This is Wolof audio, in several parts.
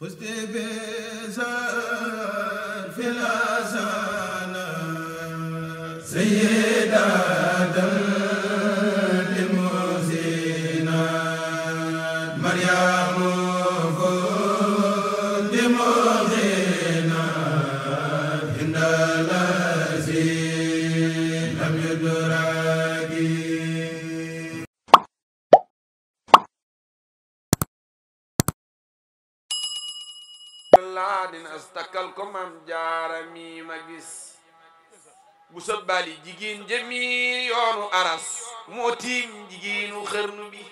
فزت بزار في الأزال سيدة لم يدرك bës takkal ko maam jaara mi ma gis bu sëbbaali jigéen jëmi yoonu aras moo tiim jigéenu xërnu bi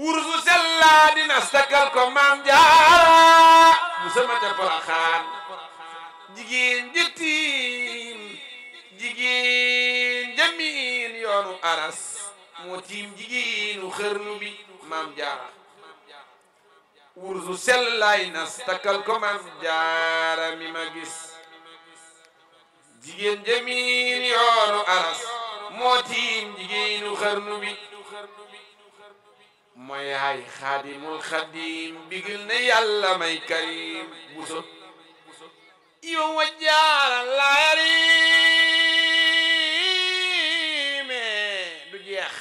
wursu sellaa dina takkal ko maam jaara bu samata poroxaan jigéen ji tiim jigéen jëmin yoonu aras moo tiim jigéenu xërnu bi maam jaara wursu sellaay nas takkal ko man jaara ma gis jigéen jamiin yoonu aras moo tiim jigéenu xarnu bi mooy yaay xaadimul xadim bigil na yàlla may karim buso yow wa jaara laa yariime du jeex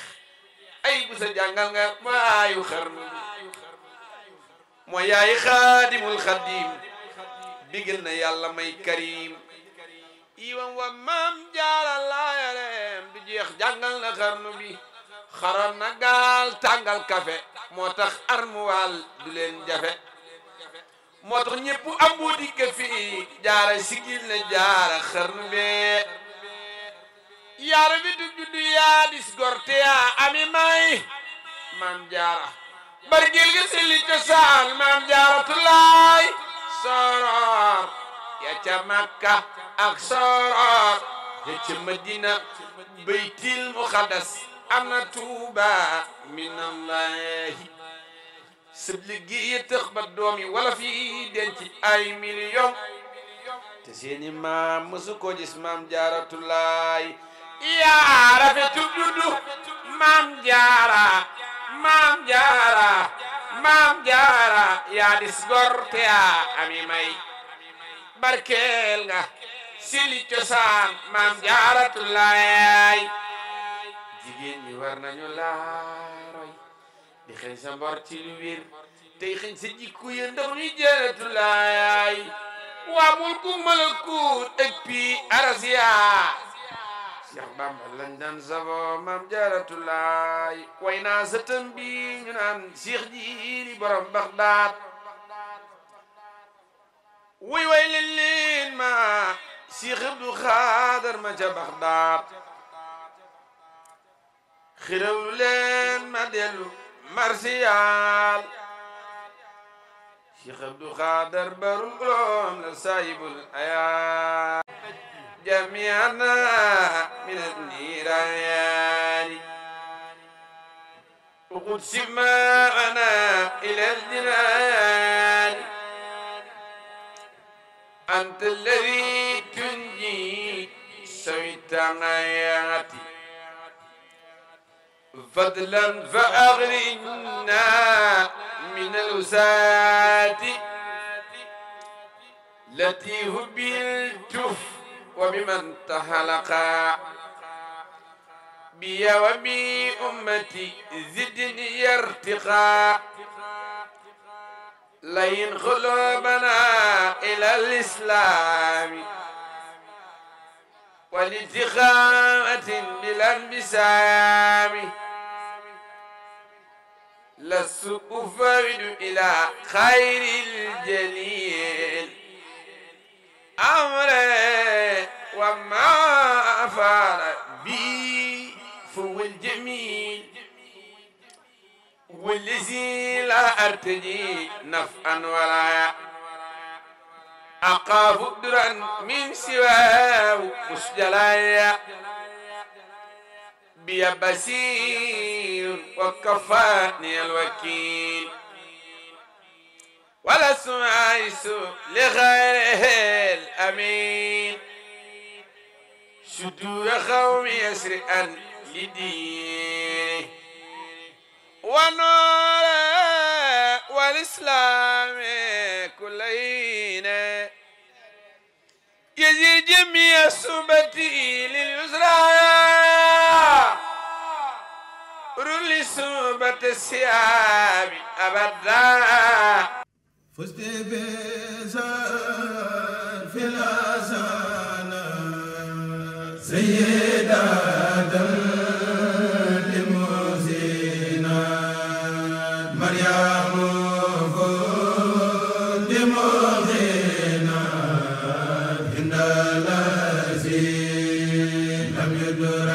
ay busa jàngal nga maayu xarnu bi moo yaay xaadimul xadim bigil na yàlla may karim iwam wa maam jaara laayareem du jeex jàngal na xarnu bi xaral na gaal tàngal kafe moo tax armuwaal du leen jafe moo tax ñëpp abu dikk fii jaara sigil na jaara xarnu bee yaara bi du juddu yaa gorte yaa ami may maam jaara bargil gi si li cosaan ya ca makka ak soror ya ca madina baytil muqaddas ana tuuba minallahi sëb liggéey tëx ba doom wala fi denc ay million te seeni maam mësu ko gis maam yaa rafetu dudd maam maam jaara maam jaara yaa dis gor barkeel nga sili cosaan maam jaaratu laay jigéen ñi war nañu laaroy di xëñ sa ci lu wér tey xëñ sa jikku ya ndax ñu jaaratu laay waa mulku malakut ak pii arasiya Cheikh Bamba lañ maam jaaratu laay way naa sa tëm bi ñu naan Cheikh Jiili wuy way leen leen ma si xëbdu xaadar ma ca baxdaat xirewlu leen ma dellu marsiyaal si xëbdu xaadar barul loom la saayibul ayaal jamiana min al niiraani وقد سمعنا إلى الجنان أنت الذي تنجي سويت حياتي فضلا فأغرنا من الوسات التي هبلت وبمن تهلق بي وبي أمتي زدني ارتقاء لين قلوبنا إلى الإسلام والانتخابة بلا انبسام لست أفرد إلى خير الجليل أمري وما أفعل بي فهو الجميل والذي لا أرتجي نفعا ولا أقاف درا من سواه مسجلايا بي بسير وكفاني الوكيل ولا سمعيس لغيره الأمين شدور قوم يسرئا لدينه ونور والإسلام كلين يجي جميع سبتي لليسرى رولي سبت السياب أبدا فزت بزار في الأزانة سيدنا jërëjëf